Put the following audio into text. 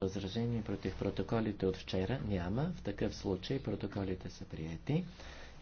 Възражение против протоколите от вчера няма. В такъв случай протоколите са приети.